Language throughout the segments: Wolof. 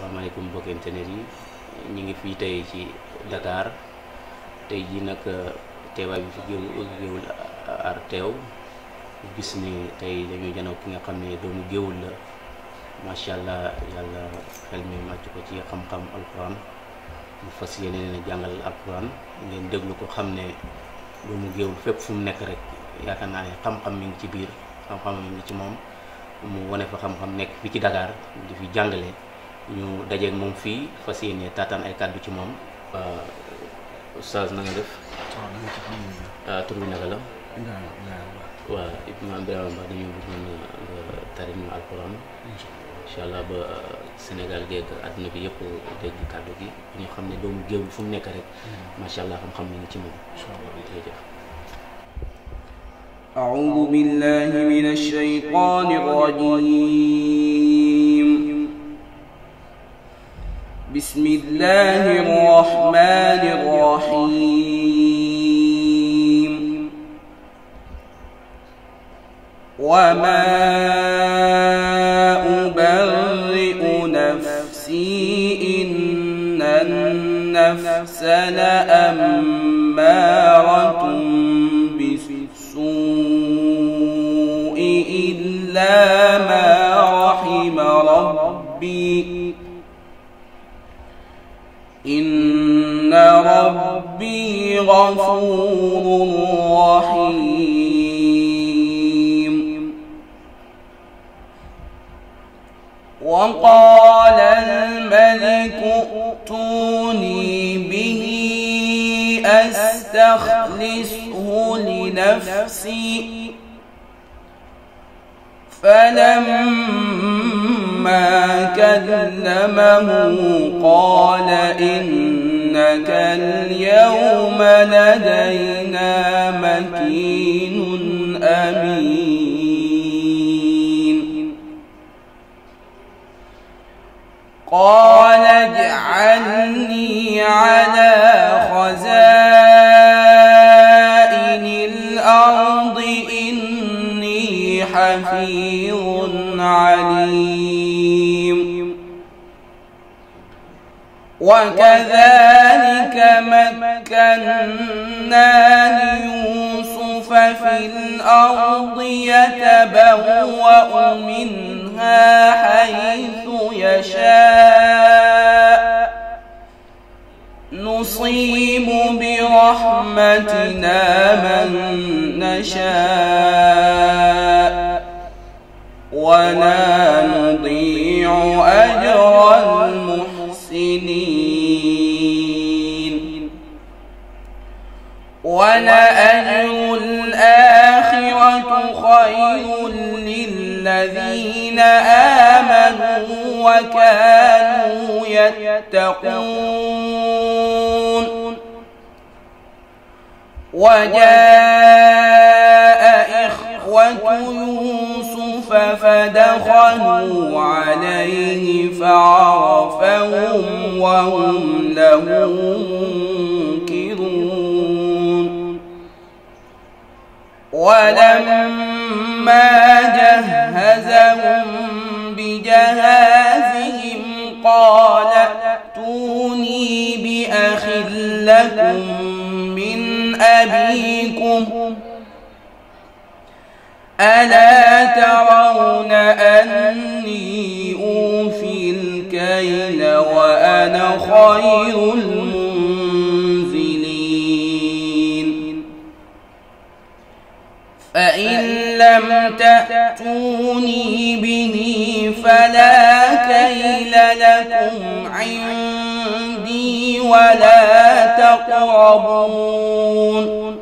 asalaamaaleykum mbokki internet yi ñu ngi fii tey ci Dakar tey jii nag euh, teewaay bi fi géewul géewul ar teew gis ni tey dañuy janaw ki nga xam ne doomu géwul la macha allah yàlla xel mi màcc ko ci xam-xam alquran mu fas yéene leen jàngal alquran ngeen déglu ko xam ne doomu géewul fépp fu mu nekk rek yaakaar naa ne xam-xam mi ngi ci biir xam-xam mi ngi ci moom mu wane fa xam-xam nekk fii ci Dakar di fi jàngale ñu dajeeg moom fii fas yéene taataan ay kàddu ci moom. Euh, Oustaz na nga def. waaw euh, tur bi naka la. waaw dañu bëgg nga tari ñu allah ba euh, Sénégal géeg àdduna bi yëpp dégg kàddu gi ñu xam ne doomu géew fu mu nekk rek. Hmm. macha allah xam-xam mi ngi ci moom. jërëjëf. أعوذ بالله من الشيطان الرجيم بسم الله الرحمن الرحيم وما أبرئ نفسي إن النفس لأمارة بالسوء إلا ما رحم ربي إن ربي غفور رحيم وقال الملك ائتوني به أستخلصه لنفسي فلما ما كلمه قال إنك اليوم لدينا مكين أمين قال اجعلني على خزائن الأرض إني حفيظ وكذلك مكنا ليوسف في الأرض يتبوأ منها حيث يشاء نصيب برحمتنا من نشاء خير للذين آمنوا وكانوا يتقون وجاء إخوة يوسف فدخلوا عليه فعرفهم وهم له منكرون ولما ما جهزهم بجهازهم قال ائتوني بأخ لكم من أبيكم ألا ترون أني أوفي الكيل وأنا خير المسلمين لم تأتوني به فلا كيل لكم عندي ولا تقربون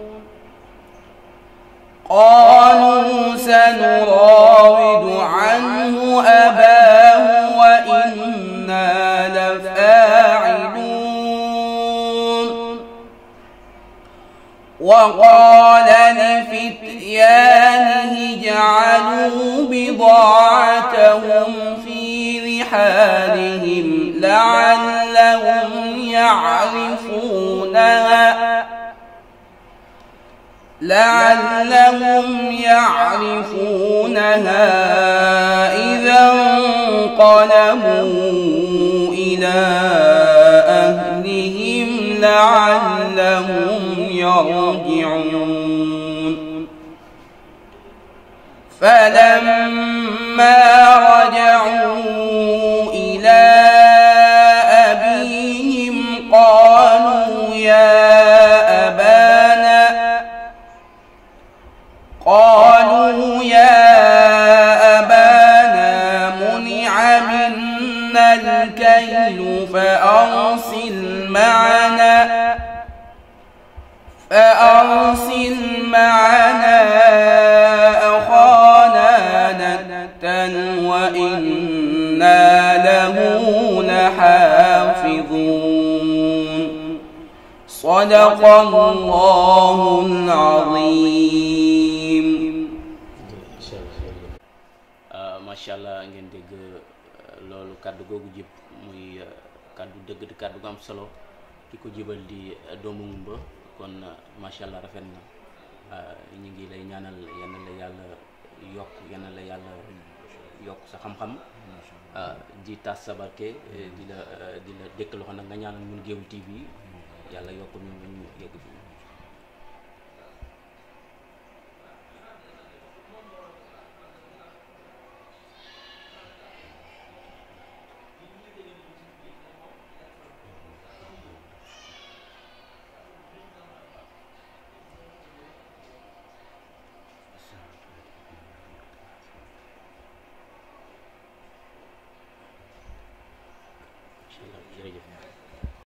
قالوا سنراود عنه أباه وإنا لفاعلون وقال جعلوا بضاعتهم في رحالهم لعلهم يعرفونها لعلهم يعرفونها إذا انقلبوا إلى أهلهم لعلهم يرجعون فلما رجعوا إلى أبيهم قالوا يا أبانا قالوا يا أبانا منع منا الكيل فأرسل معنا فأرسل معنا له لحافظون صدق الله العظيم eh, Masya Allah ngeen dégg eh, loolu kaddu googu jib muy eh, kaddu di kaddu solo jibal di kon masha Allah rafet na ñu ngi lay ñaanal yal na yokk sa xam-xam euh, di tas sa barke euh, di la euh, di la dëkk loxo nag nga ñaan a ñun Géewul TV yàlla yokk ñu ñu yegg fi